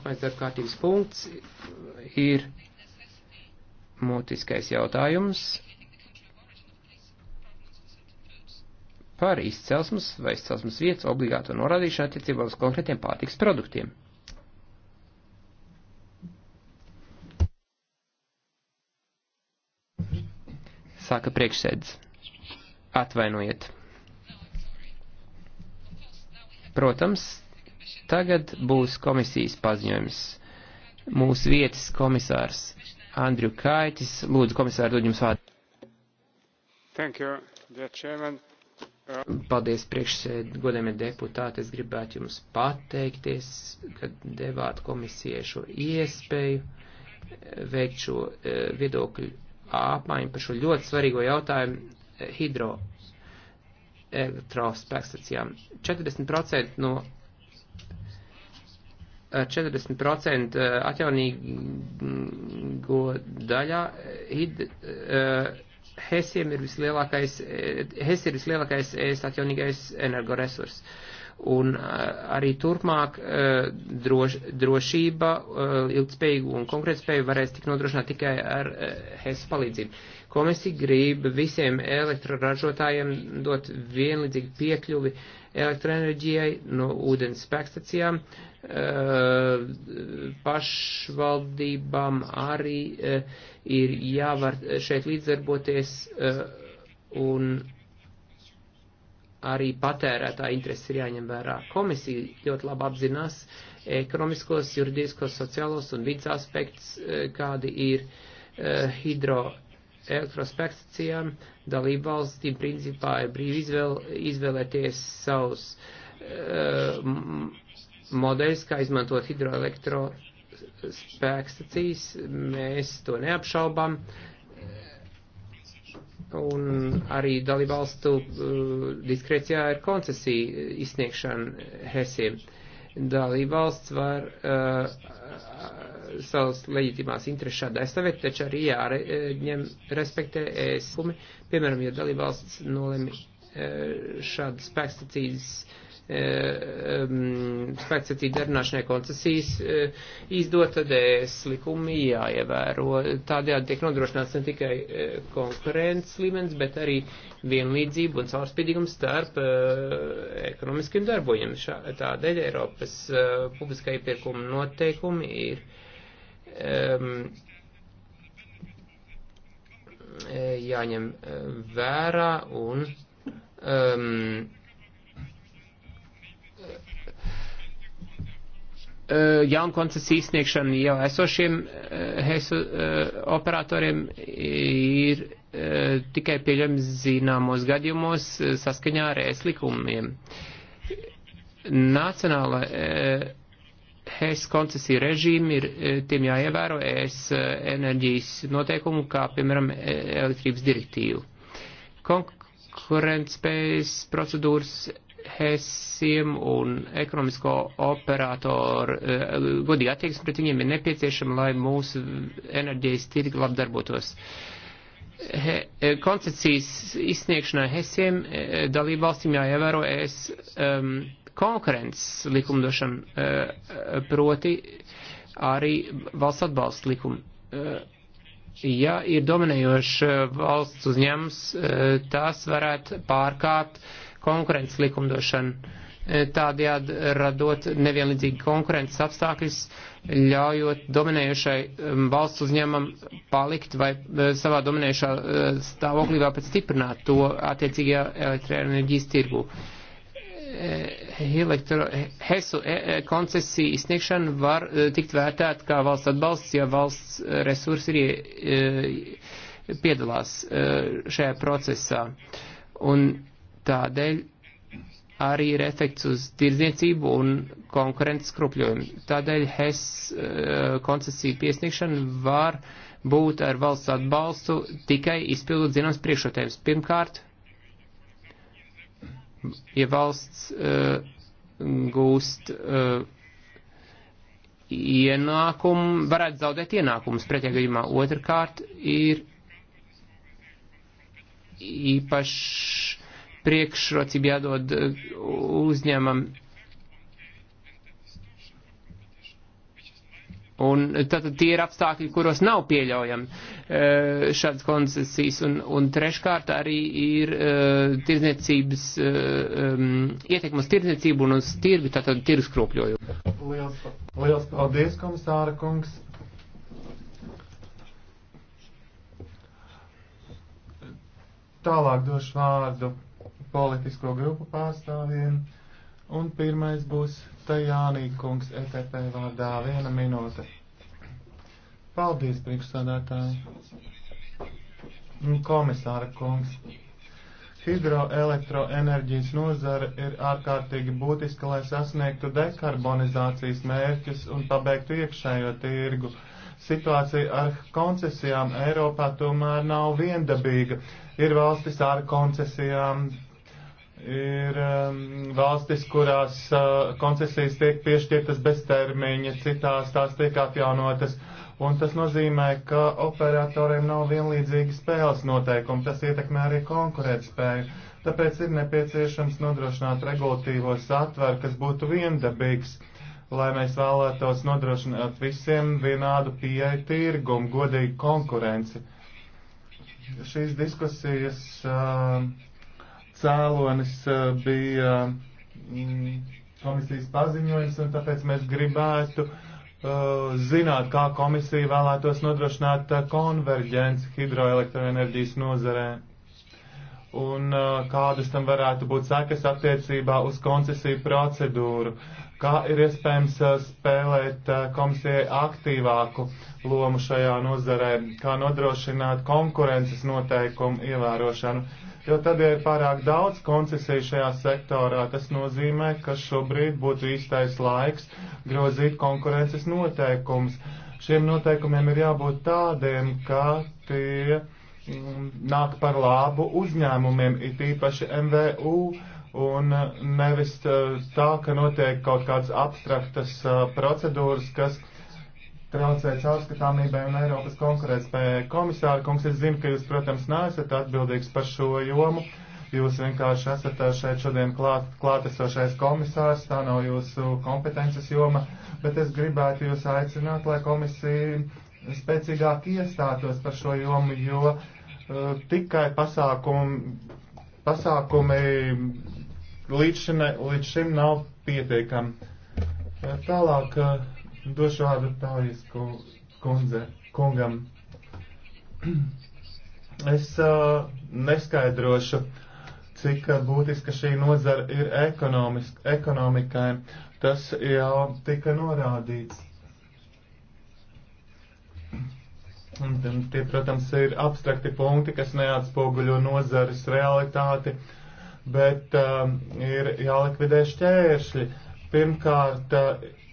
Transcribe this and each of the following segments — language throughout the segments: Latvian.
Nākamais darbkārtības punkts ir mutiskais jautājums par izcelsmes vai izcelsmes vietas obligāto norādīšanu attiecībā uz konkrētiem pārtiks produktiem. Sāka priekšsēdz. Atvainojiet. Protams, Tagad būs komisijas paziņojums. Mūsu vietas komisārs Andriu Kaitis. Lūdzu, komisāri, dod jums vārdu. Thank you, dear chairman. Uh, Paldies priekšsēd, godējumie deputāti, es gribētu jums pateikties, kad devāt komisijai šo iespēju eh, veikt šo eh, viedokļu apmaiņu par šo ļoti svarīgo jautājumu eh, hidroelektrospēkstacijām. 40% no 40% atjaunīgo daļā hid, eh, Hesiem ir vislielākais, eh, Hes ir vislielākais ēst atjaunīgais energoresurs. Un eh, arī turpmāk droš, drošība, ilgtspējīga un konkurētspēja varēs tikt nodrošināt tikai ar Hes palīdzību. Komisija grib visiem elektroražotājiem dot vienlīdzīgu piekļuvi uh, elektroenerģijai no ūdens spēkstacijām, eh, pašvaldībām arī eh, ir jāvar šeit līdzdarboties eh, un arī patērētā intereses ir jāņem vērā. Komisija ļoti labi apzinās ekonomiskos, juridiskos, sociālos un vidas aspektus, kādi ir hidro elektrospekcijām dalību valstīm principā ir brīvi izvēl, izvēlēties savus uh, modeļus, kā izmantot hidroelektrospēkstacijas. Mēs to neapšaubām. Un arī dalību valstu uh, diskrecijā ir koncesija izsniegšana HESiem. Dalību valsts var uh, savas leģitimās intereses šādi aizstāvēt, taču arī jāņem respektē ēskumi, piemēram, ja dalībvalsts nolemi šādu spēkstacīdas spēcītī darināšanai koncesijas izdot, tad es likumi jāievēro. Tādējādi tiek nodrošināts ne tikai konkurences līmenis, bet arī vienlīdzība un caurspīdīgums starp ekonomiskiem darbojiem. Tādēļ Eiropas publiskā iepirkuma noteikumi ir um, jāņem e, vērā un um, e, jaunu koncesiju sniegšanu jau esošiem HESU operatoriem ir tikai pieļams zināmos gadījumos saskaņā ar ES likumiem. Nacionāla ES koncesiju režīmi ir e, tiem jāievēro ES e, enerģijas noteikumu, kā piemēram e, elektrības direktīvu. Konkurentspējas procedūras HESiem un ekonomisko operātoru godīgi attieksmi pret viņiem ir nepieciešama, lai mūsu enerģijas tirgi labdarbotos. He, koncesijas izsniegšanai HESiem dalībvalstīm jāievēro ES um, konkurences likumdošanu, e, e, proti arī valsts atbalsta likumu. E, ja ir dominējošs valsts uzņēmums, tās varētu pārkāpt konkurences likumdošanu, tādējādi radot nevienlīdzīgi konkurences apstākļus, ļaujot dominējušai valsts uzņēmumam palikt vai savā dominējušā stāvoklī vēl pat stiprināt to attiecīgajā elektroenerģijas tirgu. Uh, Eh, elektro, eh, HESU eh, koncesiju izsniegšana var tikt vērtēta kā valsts atbalsts, ja valsts resursi ir piedalās šajā procesā. Un tādēļ arī ir efekts uz tirdzniecību un konkurences skrupļojumu. Tādēļ HES koncesiju piesniegšana var būt ar valsts atbalstu tikai izpildot zināms priekšrotējums. Pirmkārt, ja valsts uh, gūst uh, ienākumu, varētu zaudēt ienākumus. Pretējā gadījumā otrkārt ir īpašs priekšrocība jādod eh, uzņēmam Un tātad tie ir apstākļi, kuros nav pieļaujami eh, šādas koncesijas. Un, un treškārt arī ir eh, tirdzniecības, eh, ietekmas tirdzniecību un uz tirgu, tātad tirgus kropļojumu. Liels, liels paldies, komisāra kungs. Tālāk došu vārdu politisko grupu pārstāvjiem. Un pirmais būs Tajānī kungs ETP vārdā. Viena minūte. Paldies, priekšsādātāji. Komisāra kungs. Hidroelektroenerģijas nozara ir ārkārtīgi būtiska, lai sasniegtu dekarbonizācijas mērķus un pabeigtu iekšējo tirgu. Situācija ar koncesijām Eiropā tomēr nav viendabīga. Ir valstis ar koncesijām, ir um, valstis, kurās uh, koncesijas tiek piešķirtas bez termiņa, citās tās tiek atjaunotas. Un tas nozīmē, ka operatoriem nav vienlīdzīgi spēles noteikumi, tas ietekmē arī konkurētspēju. Tāpēc ir nepieciešams nodrošināt regulatīvo satveru, kas būtu viendabīgs, lai mēs vēlētos nodrošināt visiem vienādu pieeju tirgumu, godīgu konkurenci. Šīs diskusijas uh, cēlonis eh, bija mm, komisijas paziņojums, un tāpēc mēs gribētu uh, zināt, kā komisija vēlētos nodrošināt eh, konverģenci hidroelektroenerģijas nozarē un uh, kādas tam varētu būt sekas attiecībā uz koncesiju procedūru, kā ir iespējams uh, spēlēt uh, komisijai aktīvāku lomu šajā nozarē, kā nodrošināt konkurences noteikumu ievērošanu jo tad ir pārāk daudz koncesiju šajā sektorā. Tas nozīmē, ka šobrīd būtu īstais laiks grozīt konkurences noteikumus. Šiem noteikumiem ir jābūt tādiem, ka tie mm, nāk par labu uzņēmumiem, it īpaši MVU, un nevis eh, tā, ka notiek kaut kādas abstraktas eh, procedūras, kas traucē caurskatāmībai un Eiropas konkurētspējai. Komisāra kungs, es zinu, ka jūs, protams, neesat atbildīgs par šo jomu. Jūs vienkārši esat šeit šodien klāt, klātesošais komisārs, tā nav jūsu kompetences joma, bet es gribētu jūs aicināt, lai komisija spēcīgāk iestātos par šo jomu, jo uh, tikai pasākumi, pasākumi līdz, šim, līdz šim nav pietiekami. Tālāk. Uh, Došu vārdu Tālijas kundze, kungam. Es uh, neskaidrošu, cik būtiska šī nozara ir ekonomikai. Tas jau tika norādīts. Un, tie, protams, ir abstrakti punkti, kas neatspoguļo nozares realitāti, bet uh, ir jālikvidē šķēršļi. Pirmkārt, uh,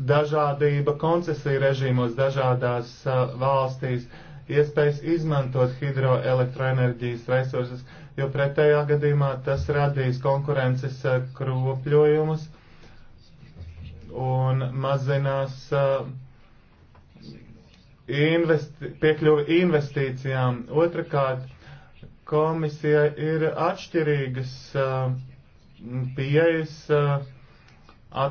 dažādība koncesiju režīmos dažādās uh, valstīs, iespējas izmantot hidroelektroenerģijas resursus, jo pretējā gadījumā tas radīs konkurences uh, kropļojumus un mazinās uh, investi piekļuvi investīcijām. Otrakārt, komisija ir atšķirīgas uh, pieejas. Uh, Eh,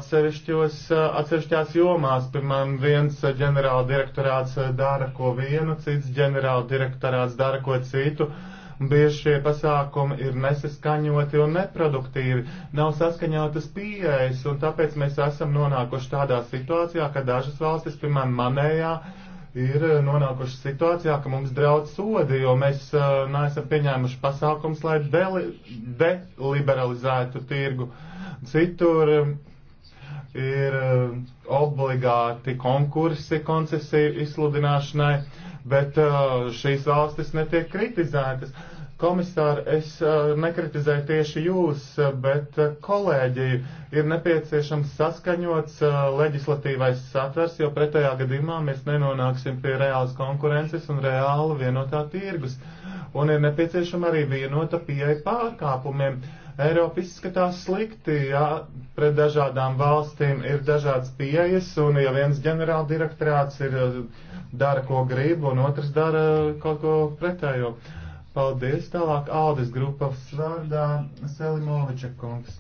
atsevišķās jomās. Piemēram, viens eh, ģenerāla direktorāts eh, dara ko vienu, cits ģenerāla direktorāts dara ko citu. Bieži šie pasākumi ir nesaskaņoti un neproduktīvi, nav saskaņotas pieejas, un tāpēc mēs esam nonākuši tādā situācijā, ka dažas valstis, piemēram, manējā, ir nonākuši situācijā, ka mums draudz sodi, jo mēs uh, neesam pieņēmuši pasākums, lai deli, deliberalizētu tirgu. Citur uh, ir eh, obligāti konkursi koncesiju izsludināšanai, bet eh, šīs valstis netiek kritizētas. Komisāri, es eh, nekritizēju tieši jūs, bet kolēģiju ir nepieciešams saskaņots leģislatīvais satvers, jo pretējā gadījumā mēs nenonāksim pie reālas konkurences un reāla vienotā tirgus. Un ir nepieciešama arī vienota pieeja pārkāpumiem. Uh, Eiropa izskatās slikti, ja pret dažādām valstīm ir dažādas pieejas, un ja viens ģenerāla direktorāts ir eh, dara, ko grib, un otrs dara eh, kaut ko pretējo. Paldies, tālāk Aldis grupas vārdā Selimoviča kungs.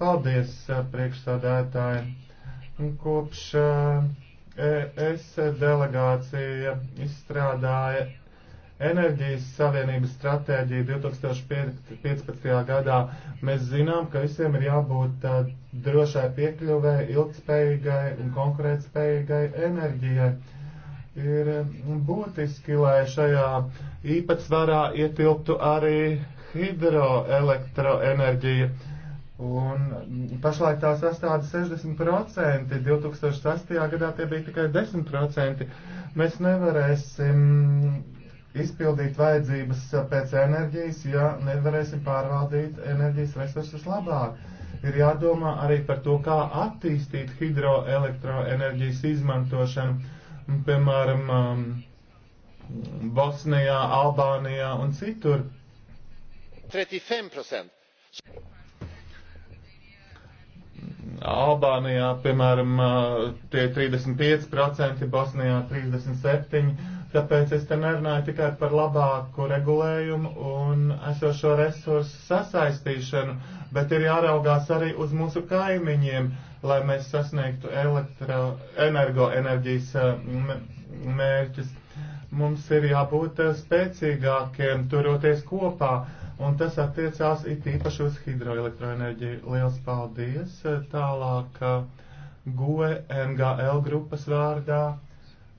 Paldies, eh, priekšsādētāji. Kopš es e delegācija izstrādāja enerģijas savienības stratēģiju 2015. gadā, mēs zinām, ka visiem ir jābūt uh, drošai piekļuvē, ilgspējīgai un konkurētspējīgai enerģijai. Ir mm, būtiski, lai šajā īpatsvarā ietilptu arī hidroelektroenerģija. Un mm, pašlaik tā sastāda 60%, 2008. gadā tie bija tikai 10%. Mēs nevarēsim izpildīt vajadzības eh, pēc enerģijas, ja nevarēsim pārvaldīt enerģijas resursus labāk. Ir jādomā arī par to, kā attīstīt hidroelektroenerģijas izmantošanu, piemēram, um, Bosnijā, Albānijā un citur. 35%. Albānijā, piemēram, uh, tie 35%, Bosnijā 37%, Tāpēc es te nerunāju tikai par labāku regulējumu un esošo resursu sasaistīšanu, bet ir jāraugās arī uz mūsu kaimiņiem, lai mēs sasniegtu elektro, energoenerģijas mērķus. Mums ir jābūt eh, spēcīgākiem, turoties kopā, un tas attiecās it īpaši uz hidroelektroenerģiju. Liels paldies! Eh, tālāk eh, GOE NGL grupas vārdā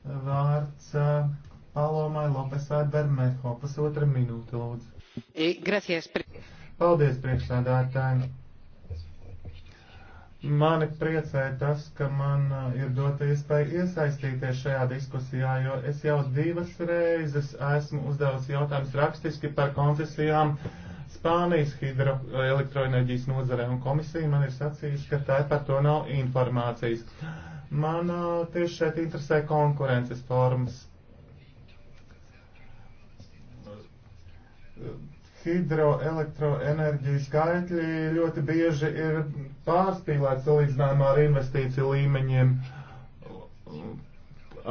vārds Palomai Lopesai Bermeho. Pusotra minūte, lūdzu. Gracias. Paldies, priekšsādātāji. Mani priecē tas, ka man ir dota iespēja iesaistīties šajā diskusijā, jo es jau divas reizes esmu uzdevusi jautājumus rakstiski par konfesijām. Uh, Spānijas hidroelektroenerģijas nozarē, un komisija man ir sacījusi, ka tā par to nav informācijas. Man tieši šeit interesē konkurences formas. Hidroelektroenerģijas skaitļi ļoti bieži ir pārspīlēti salīdzinājumā ar investīciju līmeņiem.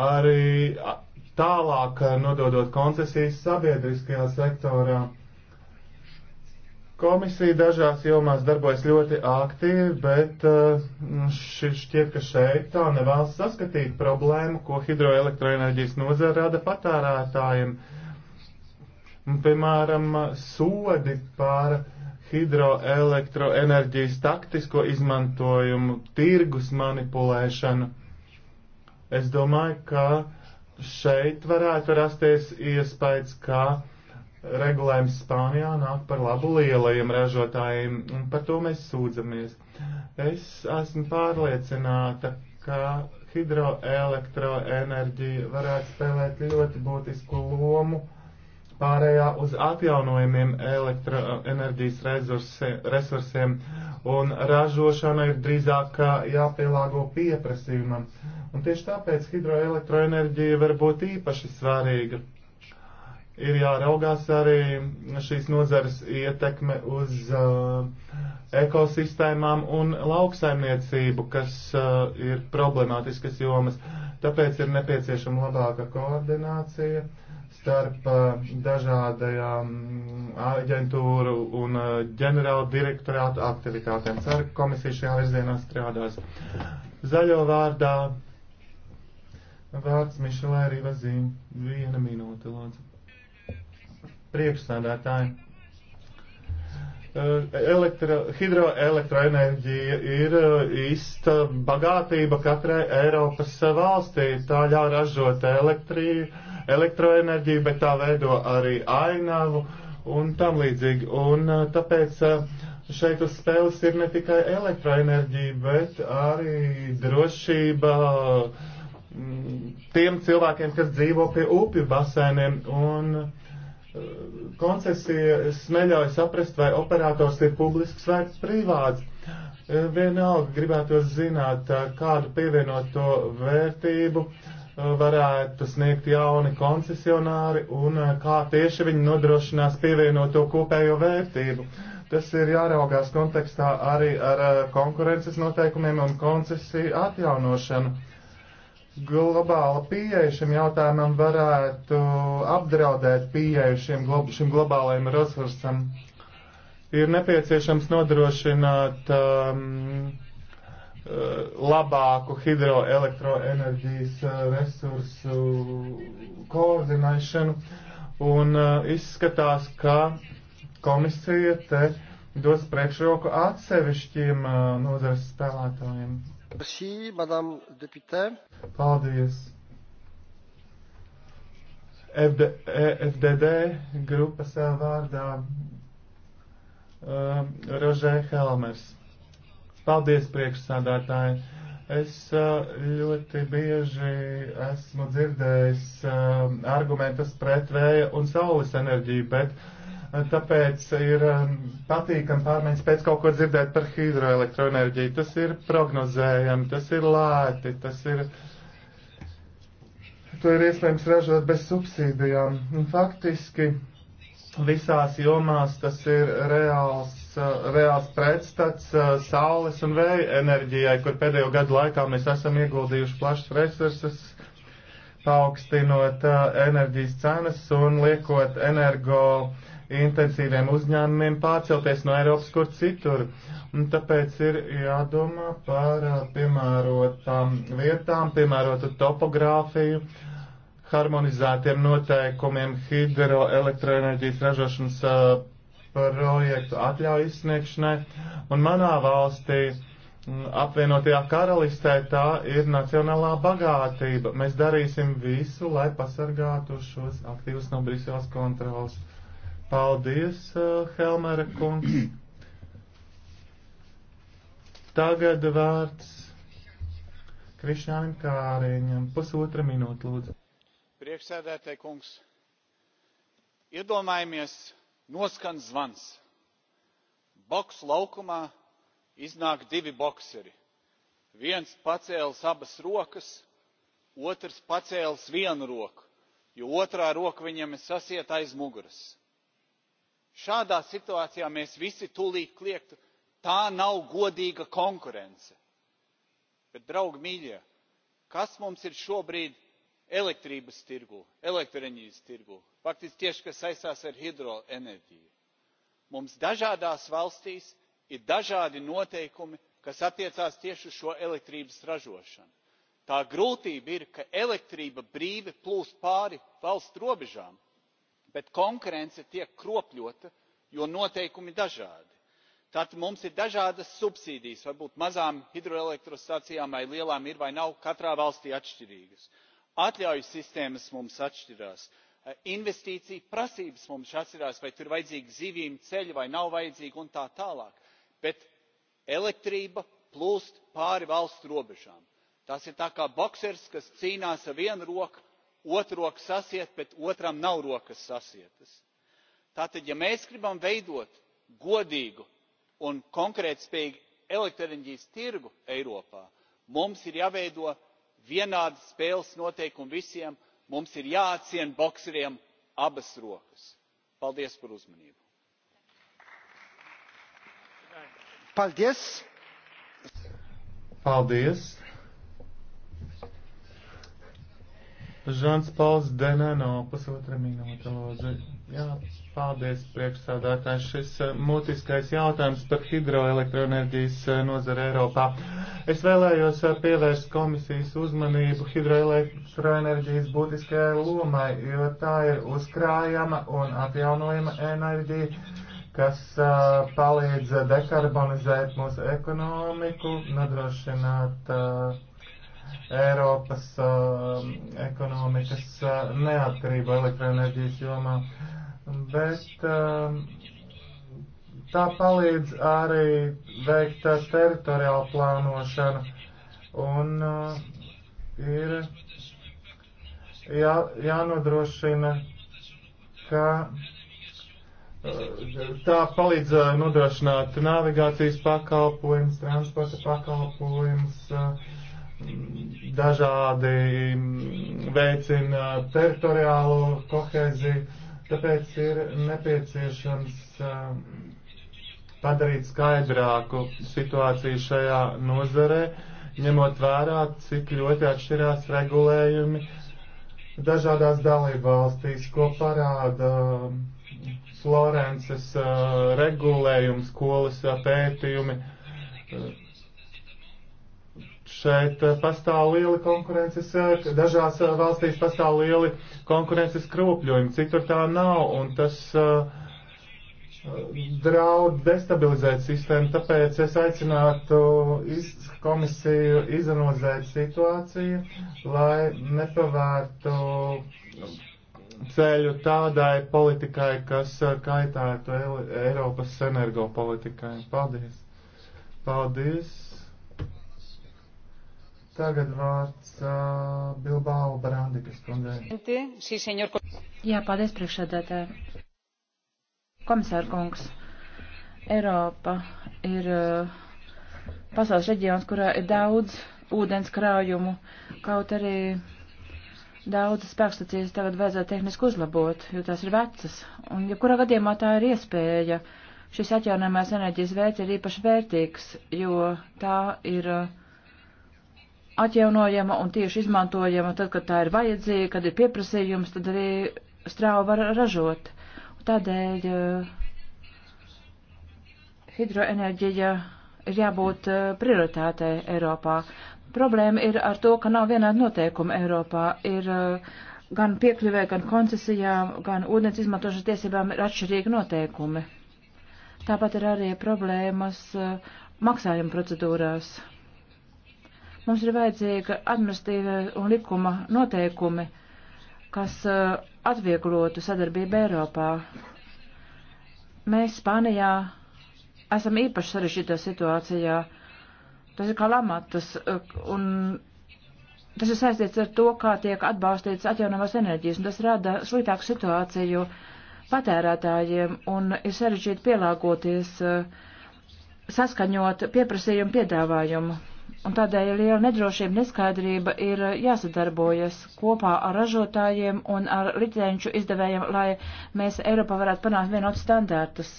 Arī tālāk nododot koncesijas sabiedriskajā sektorā Komisija dažās jomās darbojas ļoti aktīvi, bet uh, šķiet, ka šeit tā nevēlas saskatīt problēmu, ko hidroelektroenerģijas nozara rada patērētājiem. Piemēram, sodi par hidroelektroenerģijas taktisko izmantojumu, tirgus manipulēšanu. Es domāju, ka šeit varētu rasties iespējas, ka regulējums Spānijā nāk par labu lielajiem ražotājiem, un par to mēs sūdzamies. Es esmu pārliecināta, ka hidroelektroenerģija varētu spēlēt ļoti būtisku lomu pārējā uz atjaunojumiem elektroenerģijas resursi, resursiem, un ražošana ir drīzāk jāpielāgo pieprasījumam. Un tieši tāpēc hidroelektroenerģija var būt īpaši svarīga ir jāraugās arī šīs nozares ietekme uz uh, ekosistēmām un lauksaimniecību, kas uh, ir problemātiskas jomas. Tāpēc ir nepieciešama labāka koordinācija starp uh, dažādajām mm, aģentūru un uh, ģenerāla direktorāta aktivitātēm. Ceru, ka komisija šajā virzienā strādās. Zaļo vārdā vārds Mišelē arī vazīm. Viena minūte, lūdzu priekšsādātāji. Eh, elektro, hidroelektroenerģija ir eh, īsta bagātība katrai Eiropas valstī. Tā ļauj ražot elektriju, elektroenerģiju, bet tā veido arī ainavu un tam līdzīgi. Un eh, tāpēc šeit uz spēles ir ne tikai elektroenerģija, bet arī drošība mm, tiem cilvēkiem, kas dzīvo pie upju basēniem. Un, koncesijas neļauj saprast, vai operators ir publisks vai privāts. E, vienalga gribētos zināt, e, kādu pievienoto vērtību e, varētu sniegt jauni koncesionāri un kā tieši viņi nodrošinās pievienoto kopējo vērtību. Tas ir jāraugās kontekstā arī ar konkurences noteikumiem un koncesiju atjaunošanu globāla pieeja šim jautājumam varētu apdraudēt pieeju šim, glo šim globālajiem resursam. Ir nepieciešams nodrošināt um, uh, labāku hidroelektroenerģijas uh, resursu koordinēšanu, un uh, izskatās, ka komisija te dos priekšroku atsevišķiem uh, nozares spēlētājiem. Merci, madame deputē. Paldies. FD, e, FDD grupas vārdā um, Rožē Helmers. Paldies, priekšsādātāji. Es uh, ļoti bieži esmu dzirdējis um, argumentus pret vēja un saules enerģiju, bet uh, Tāpēc ir um, patīkami pārmaiņas pēc kaut ko dzirdēt par hidroelektroenerģiju. Tas ir prognozējami, tas ir lēti, tas ir. To ir iespējams ražot bez subsīdijām. Faktiski visās jomās tas ir reāls, uh, reāls pretstats uh, saules un vēja enerģijai, kur pēdējo gadu laikā mēs esam ieguldījuši plašas resursus, paaugstinot uh, enerģijas cenas un liekot energo uh, intensīviem uzņēmumiem pārcelties no Eiropas kur citur. Un tāpēc ir jādomā par piemērotām vietām, piemērotu topogrāfiju, harmonizētiem noteikumiem hidroelektroenerģijas ražošanas uh, projektu atļauju izsniegšanai. Un manā valstī apvienotajā karalistē tā ir nacionālā bagātība. Mēs darīsim visu, lai pasargātu šos aktīvus no Briseles kontrolas. Paldies, eh, Helmera kungs. Tagad vārds Krišānam Kāriņam. Pusotra minūte, lūdzu. Priekšsēdētāji kungs, iedomājamies, noskan zvans. Boks laukumā iznāk divi bokseri. Viens pacēlis abas rokas, otrs pacēlis vienu roku, jo otrā roka viņam ir sasieta aiz muguras šādā situācijā mēs visi tūlīt kliegtu tā nav godīga konkurence. bet draugi mīļie kas mums ir šobrīd elektrības tirgū elektroenerģijas tirgū faktiski tieši kas saistās ar hidroenerģiju? mums dažādās valstīs ir dažādi noteikumi kas attiecās tieši uz šo elektrības ražošanu. tā grūtība ir ka elektrība brīvi plūst pāri valstu robežām bet konkurence tiek kropļota jo noteikumi ir dažādi. tātad mums ir dažādas subsīdijas varbūt mazām hidroelektrostacijām vai lielām ir vai nav katrā valstī atšķirīgas atļauju sistēmas mums atšķirās eh, investīciju prasības mums atšķirās vai tur ir vajadzīgi zivīm ceļi vai nav vajadzīgi un tā tālāk bet elektrība plūst pāri valstu robežām. tas ir tā kā boksers kas cīnās ar vienu roku otrroka sasiet bet otram nav rokas sasietas. tātad ja mēs gribam veidot godīgu un konkurētspējīgu elektroenerģijas tirgu eiropā mums ir jāveido vienādi spēles noteikumi visiem mums ir jāatcien bokseriem abas rokas. paldies par uzmanību. Paldies! Paldies! Žants Pauls Deneno, pusotra minūte, lūdzu. Jā, paldies, priekšsādātājs. Šis eh, mutiskais jautājums par hidroelektroenerģijas eh, nozare Eiropā. Es vēlējos eh, pievērst komisijas uzmanību hidroelektroenerģijas būtiskajai lomai, jo tā ir uzkrājama un atjaunojama enerģija kas uh, palīdz dekarbonizēt mūsu ekonomiku, nodrošināt uh, Eiropas uh, ekonomikas uh, neatkarību elektroenerģijas jomā, bet uh, tā palīdz arī veikt uh, teritoriālu plānošanu un uh, ir jā, jānodrošina, ka uh, tā palīdz uh, nodrošināt navigācijas pakalpojumus, transporta pakalpojumus, uh, dažādi veicina teritoriālo kohēziju, tāpēc ir nepieciešams eh, padarīt skaidrāku situāciju šajā nozarē, ņemot vērā, cik ļoti atšķirās regulējumi dažādās dalībvalstīs, ko parāda eh, Florences eh, regulējums, skolas pētījumi Šeit eh, pastāv lieli konkurences, dažās eh, valstīs pastāv lieli konkurences kropļojumi, citur tā nav, un tas eh, draud destabilizēt sistēmu, tāpēc es aicinātu iz, komisiju izanalizēt situāciju, lai nepavērtu ceļu tādai politikai, kas kaitētu Eiropas energopolitikai. Paldies! Paldies! Tagad vārds uh, Bilbao Barandikas kundzei. Jā, paldies priekšsēdētāji. Komisāra kungs, Eiropa ir uh, pasaules reģions, kurā ir daudz ūdens krājumu, kaut arī daudzas spēkstacijas tagad vajadzētu tehniski uzlabot, jo tās ir vecas, un jebkurā ja gadījumā tā ir iespēja. Šis atjaunojamās enerģijas veids ir īpaši vērtīgs, jo tā ir uh, atjaunojama un tieši izmantojama tad, kad tā ir vajadzīga, kad ir pieprasījums, tad arī strāvu var ražot. Un tādēļ eh, hidroenerģija ir jābūt eh, prioritātei Eiropā. Problēma ir ar to, ka nav vienāda noteikuma Eiropā. Ir eh, gan piekļuvē, gan koncesijām, gan ūdens izmantošanas tiesībām ir atšķirīgi noteikumi. Tāpat ir arī problēmas maksājuma procedūrās Mums ir vajadzīga administratīva un likuma noteikumi, kas eh, atvieglotu sadarbību Eiropā. Mēs Spānijā esam īpaši sarežģītā situācijā. Tas ir kā lamatas, eh, un tas ir saistīts ar to, kā tiek atbalstīts atjaunamās enerģijas, un tas rada sliktāku situāciju patērētājiem, un ir sarežģīti pielāgoties, eh, saskaņot pieprasījumu piedāvājumu. Un tādēļ liela nedrošība, neskaidrība ir jāsadarbojas kopā ar ražotājiem un ar licenču izdevējiem, lai mēs Eiropā varētu panākt vienot standārtus.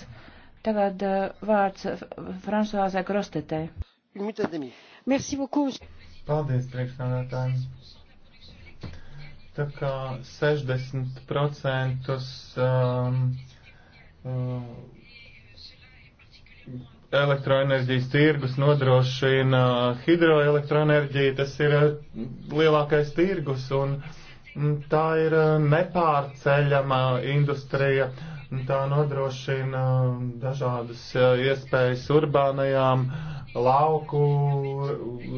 Tagad eh, vārds Fransuāzē Grostetē. Paldies, priekšnādātājiem. Tā kā 60% um, um, elektroenerģijas tirgus nodrošina hidroelektroenerģiju, tas ir eh, lielākais tirgus un mm, tā ir eh, nepārceļama industrija. Tā nodrošina mm, dažādas eh, iespējas urbānajām, lauku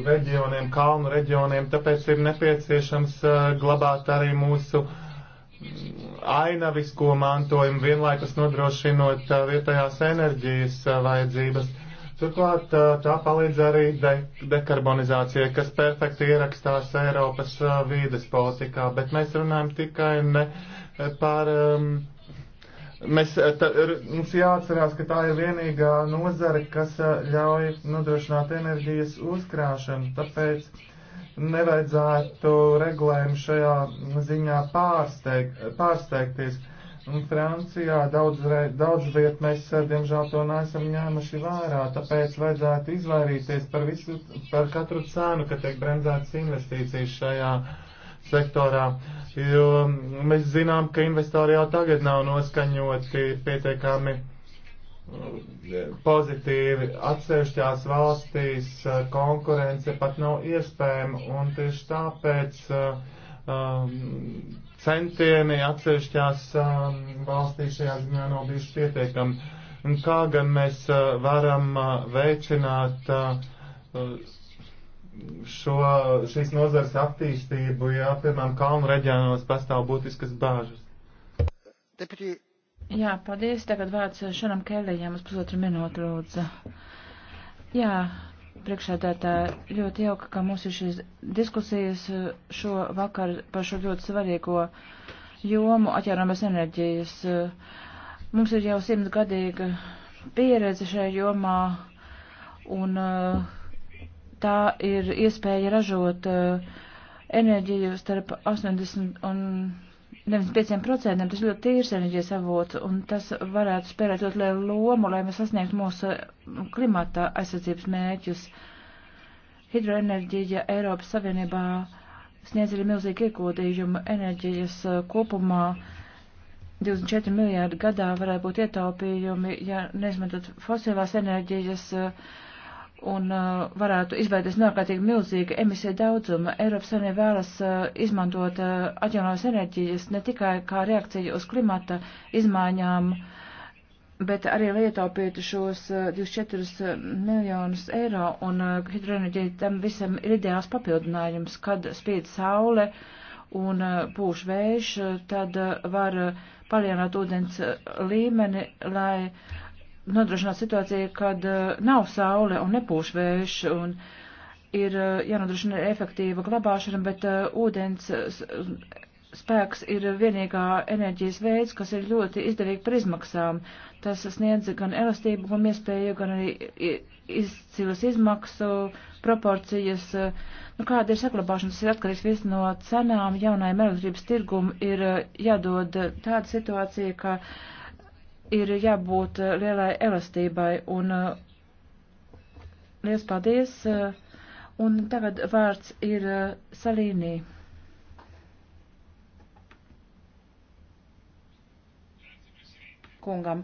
reģioniem, kalnu reģioniem, tāpēc ir nepieciešams glabāt arī mūsu mm, ainavisko mantojumu, vienlaikus nodrošinot vietējās enerģijas vajadzības. Turklāt tā palīdz arī de dekarbonizācijai, kas perfekti ierakstās Eiropas vīdes politikā, bet mēs runājam tikai ne par. Um, Mēs, tā, mums jāatcerās, ka tā ir vienīgā nozare, kas ļauj nodrošināt enerģijas uzkrāšanu, tāpēc uh, nevajadzētu regulējumu šajā ziņā pārsteig, pārsteigties. Un Francijā daudz, daudz viet mēs, eh, diemžēl, to neesam ņēmuši vērā, tāpēc vajadzētu izvairīties par, visu, par katru cenu, ka tiek bremzētas investīcijas šajā sektorā, jo mēs zinām, ka investori jau tagad nav noskaņoti pietiekami pozitīvi. Atsevišķās valstīs eh, konkurence pat nav iespējama, un tieši tāpēc eh, um, centieni atsevišķās um, valstīs šajā ziņā nav bijuši pietiekami. Un kā gan mēs eh, varam veicināt šo, šīs nozars attīstību, ja, piemēram, kalnu reģionos pastāv būtiskas bāžas? Deputy Jā, paldies. Tagad vārds Šanam Kellijam uz pusotru minūtu lūdzu. Jā, priekšādātā ļoti jauka, ka mums ir šīs diskusijas šo vakar par šo ļoti svarīgo jomu atjaunamas enerģijas. Mums ir jau simtgadīga pieredze šajā jomā un uh, tā ir iespēja ražot uh, enerģiju starp 80 un 95% tas ļoti tīrs enerģijas avots, un tas varētu spēlēt ļoti lielu lomu, lai mēs sasniegtu mūsu nu, klimata aizsardzības mēķus. Hidroenerģija Eiropas Savienībā sniedz arī milzīgu iekūdījumu enerģijas uh, kopumā. 24 miljārdi gadā varētu būt ietaupījumi, ja neizmantot fosilās enerģijas uh, un uh, varētu izveidoties nārkārtīgi milzīga emisija daudzuma. Eiropas Savienība vēlas uh, izmantot uh, atjaunojas enerģijas ne tikai kā reakciju uz klimata izmaiņām, bet arī lietaupīt šos uh, 24 uh, miljonus eiro, un uh, hidroenerģija tam visam ir ideāls papildinājums, kad spīd saule un uh, pūš vējš, uh, tad uh, var uh, palielināt ūdens uh, līmeni, lai uh, nodrošināt situāciju, kad eh, nav saule un nepūš vējš un ir eh, jānodrošina efektīva glabāšana, bet eh, ūdens spēks ir vienīgā enerģijas veids, kas ir ļoti izdevīgi par izmaksām. Tas sniedz gan elastību, gan iespēju, gan arī izcilas izmaksu proporcijas. Nu, kāda ir saglabāšana, tas ir atkarīgs viss no cenām. Jaunajam elektrības tirgum ir jādod tāda situācija, ka uh, ir jābūt eh, lielai elastībai un eh, liels paldies. Eh, un tagad vārds ir Salīnī. Kungam.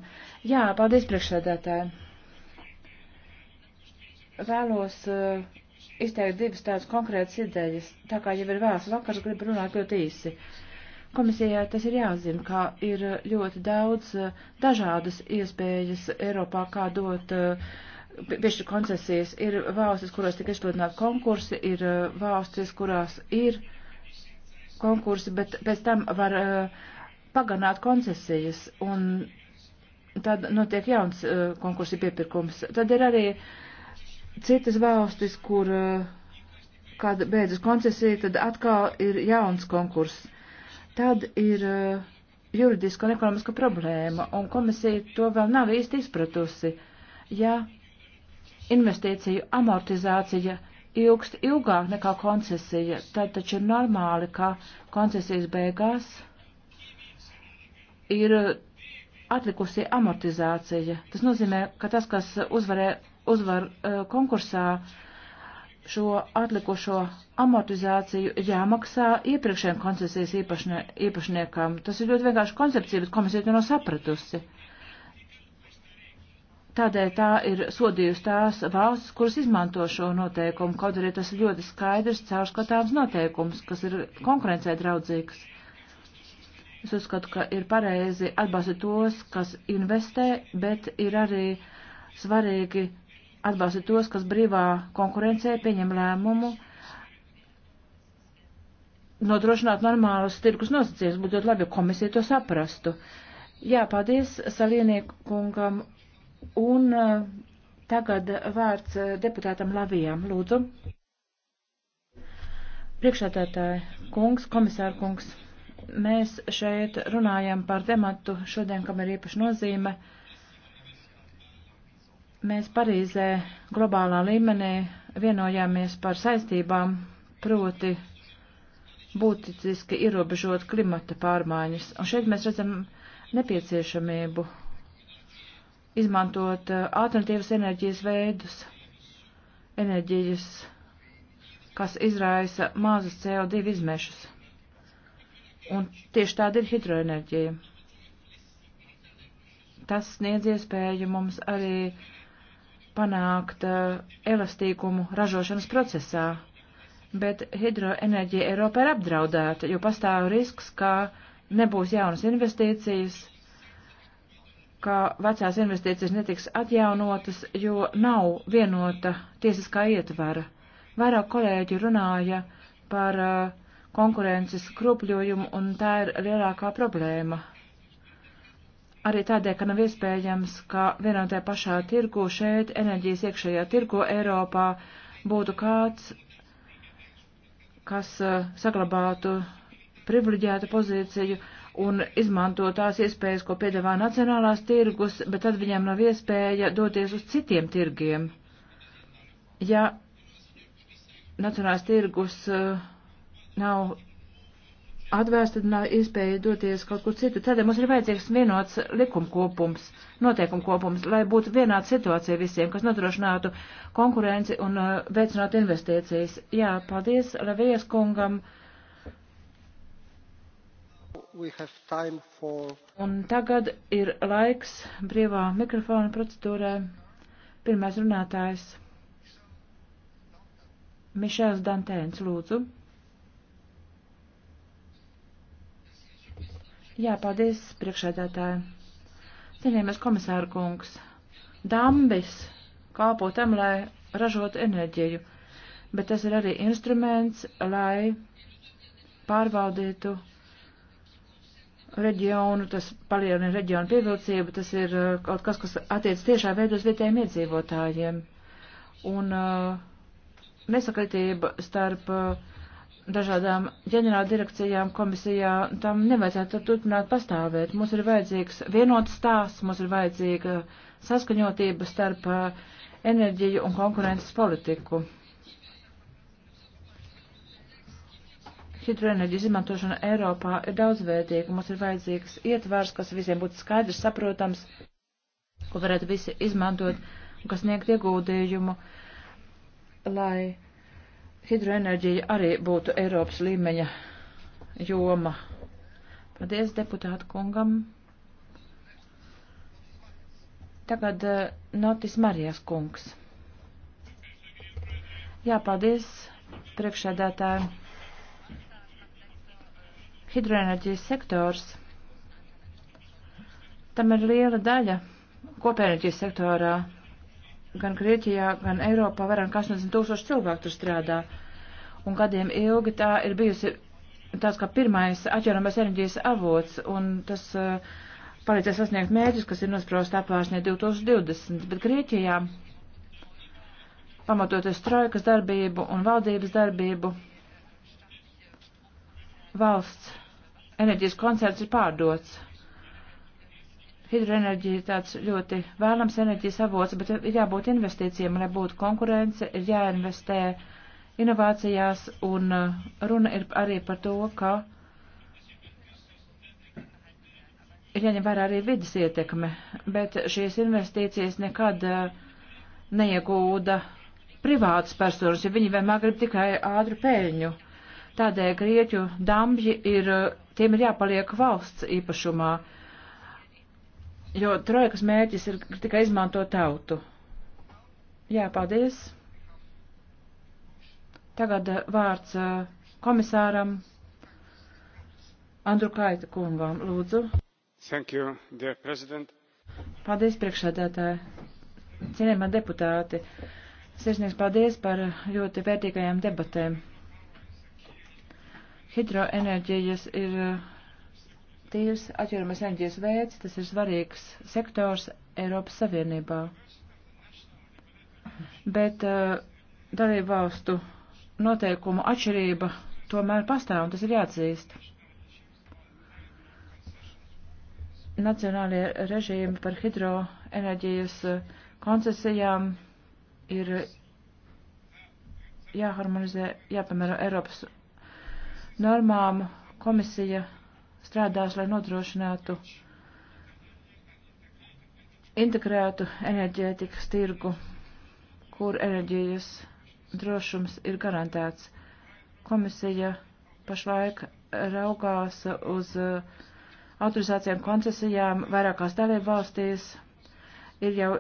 Jā, paldies priekšsēdētāji. Vēlos uh, izteikt divas tādas konkrētas idejas. Tā kā jau ir vēlas vakars, gribu runāt ļoti īsi. Uh, Komisijai tas ir jāzina, ka ir ļoti daudz eh, dažādas iespējas Eiropā, kā dot eh, piešķirt koncesijas. Ir valstis, kurās tika izsludināti konkursi, ir eh, valstis, kurās ir konkursi, bet pēc tam var pagarināt koncesijas. Un tad notiek jauns konkursi piepirkums. Tad ir arī citas valstis, kur, kad beidzas koncesija, tad atkal ir jauns konkurss tad ir eh, juridiska un ekonomiska problēma, un komisija to vēl nav īsti izpratusi. Ja investīciju amortizācija ilgst ilgāk nekā koncesija, tad taču ir normāli, ka koncesijas beigās ir eh, atlikusi amortizācija. Tas nozīmē, ka tas, kas uzvarē, uzvar uh, konkursā, uh, šo atlikušo amortizāciju jāmaksā iepriekšējiem koncesijas īpašnie, īpašniekam. Tas ir ļoti vienkārši koncepcija, bet komisija to nav sapratusi. Tādēļ tā ir sodījusi tās valsts, kuras izmanto šo noteikumu, kaut arī tas ir ļoti skaidrs, caurskatāms noteikums, kas ir konkurencē draudzīgs. Es uzskatu, ka ir pareizi atbalstīt tos, kas investē, bet ir arī svarīgi atbalsta tos, kas brīvā konkurencē pieņem lēmumu nodrošināt normālus tirkus nosacījumus. Būtu ļoti labi, ja komisija to saprastu. Jā, paldies salieniekungam. Un uh, tagad vārds uh, deputātam Lavijām. Lūdzu. Priekšādātāji kungs, komisāra kungs, mēs šeit runājam par tematu šodien, kam ir īpaši nozīme. Uh, mēs Parīzē globālā līmenī vienojāmies par saistībām, proti būtiski ierobežot klimata pārmaiņas. Un šeit mēs redzam nepieciešamību izmantot uh, alternatīvas enerģijas veidus, enerģijas, kas izraisa mazas CO2 izmešas. Un tieši tāda ir hidroenerģija. Tas sniedz iespēju mums arī uh, panākt eh, elastīgumu ražošanas procesā, bet hidroenerģija Eiropā ir apdraudēta, jo pastāv risks, ka nebūs jaunas investīcijas, ka vecās investīcijas netiks atjaunotas, jo nav vienota tiesiskā ietvara. Vairāk kolēģi runāja par eh, konkurences kropļojumu, un tā ir lielākā problēma arī tādēļ, ka nav iespējams, ka vienā un tajā pašā tirgu šeit, enerģijas iekšējā tirgu Eiropā, būtu kāds, kas eh, saglabātu privileģētu pozīciju un izmanto tās iespējas, ko piedāvā nacionālās tirgus, bet tad viņiem nav iespēja doties uz citiem tirgiem. Ja nacionālās tirgus eh, nav atvērsta un uh, iespēja doties kaut kur citur. Tādēļ mums ir vajadzīgs vienots likumkopums, noteikuмкopums, lai būtu vienāda situācija visiem, kas nodrošinātu konkurenci un uh, veicinātu investīcijas. Jā, paldies Levijas kungam. For... Un tagad ir laiks brīvā mikrofona procedūrē. Pirmais runātājs. Mišēls Dantēns, lūdzu. Jā, paldies, priekšēdētāji. Cienījamies komisāra kungs. Dambis kalpo tam, lai ražotu enerģiju, bet tas ir arī instruments, lai pārvaldītu reģionu, tas palielina reģionu pievilcību, tas ir uh, kaut kas, kas attiec tiešā veidā uz vietējiem iedzīvotājiem. Un uh, nesakritība starp uh, dažādām ģenerāla direkcijām komisijā, tam nevajadzētu turpināt pastāvēt. Mums ir vajadzīgs vienots stāsts, mums ir vajadzīga saskaņotība starp eh, enerģiju un konkurences politiku. Hidroenerģijas izmantošana Eiropā ir daudzveidīga, mums ir vajadzīgs ietvars, kas visiem būtu skaidrs, saprotams, ko varētu visi izmantot un kas sniegt ieguldījumu, lai hidroenerģija arī būtu Eiropas līmeņa joma. Paldies deputātu kungam. Tagad eh, Notis Marijas kungs. Jā, paldies priekšēdētāju. Hidroenerģijas sektors. Tam ir liela daļa kopēnerģijas sektorā gan Grieķijā, gan Eiropā vairāk kā 80 tūkstoši cilvēku tur strādā. Un gadiem ilgi tā ir bijusi tāds kā pirmais atjaunamais enerģijas avots, un tas uh, palīdzēs sasniegt mērķus, kas ir nosprost apvārsnē 2020. Bet Grieķijā, pamatoties trojkas darbību un valdības darbību, valsts enerģijas koncerts ir pārdots. Hidroenerģija ir tāds ļoti vēlams enerģijas avots, bet ir jābūt investīcijiem, lai būtu konkurence, ir jāinvestē inovācijās, un uh, runa ir arī par to, ka ir jāņem vērā arī vidas ietekme, bet šīs investīcijas nekad uh, neiegūda privātas personas, jo viņi vienmēr grib tikai ātru pēļņu. Tādēļ Grieķu dambļi ir, uh, tiem ir jāpaliek valsts īpašumā jo trojkas mērķis ir tikai izmantot tautu. Jā, paldies. Tagad eh, vārds eh, komisāram Andru Kaita kungam, lūdzu. Thank you, dear president. Paldies, priekšsēdētāji. Cienījamā deputāti, sirsnīgs paldies par ļoti vērtīgajām debatēm. Hidroenerģijas ir eh, tīrs atjaunamais enerģijas veids, tas ir svarīgs sektors Eiropas Savienībā. Bet uh, eh, dalību valstu noteikumu atšķirība tomēr pastāv, un tas ir jāatzīst. Nacionālie režīmi par hidroenerģijas eh, koncesijām ir jāharmonizē, jāpiemēro Eiropas normām komisija strādās, lai nodrošinātu integrētu enerģētikas tirgu, kur enerģijas drošums ir garantēts. Komisija pašlaik raugās uz uh, autorizācijām koncesijām vairākās dalību valstīs. Ir jau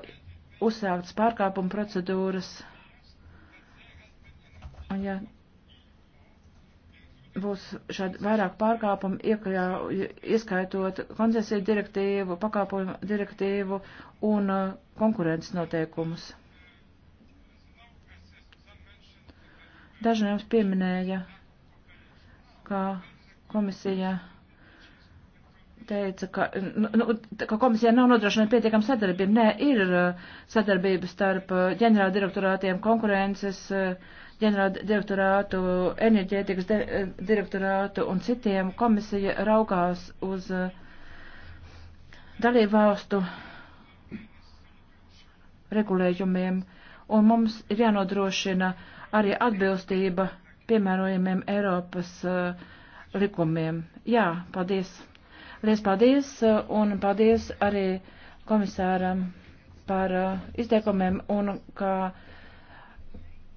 uzsāktas pārkāpuma procedūras. Un, ja būs šādi vairāk pārkāpumi, iekļā, ieskaitot koncesiju direktīvu, pakāpojumu direktīvu un uh, konkurences noteikumus. Daži jums pieminēja, ka komisija teica, ka, nu, nu ka komisija nav nodrošināta pietiekama sadarbība. Nē, ir uh, sadarbība starp uh, ģenerāla direktorātiem konkurences. Uh, ģenerāla direktorātu, enerģētikas de, eh, direktorātu un citiem komisija raugās uz eh, dalībvalstu regulējumiem, un mums ir jānodrošina arī atbilstība piemērojumiem Eiropas uh, likumiem. Jā, paldies. Lies paldies, un paldies arī komisāram par uh, izteikumiem, un kā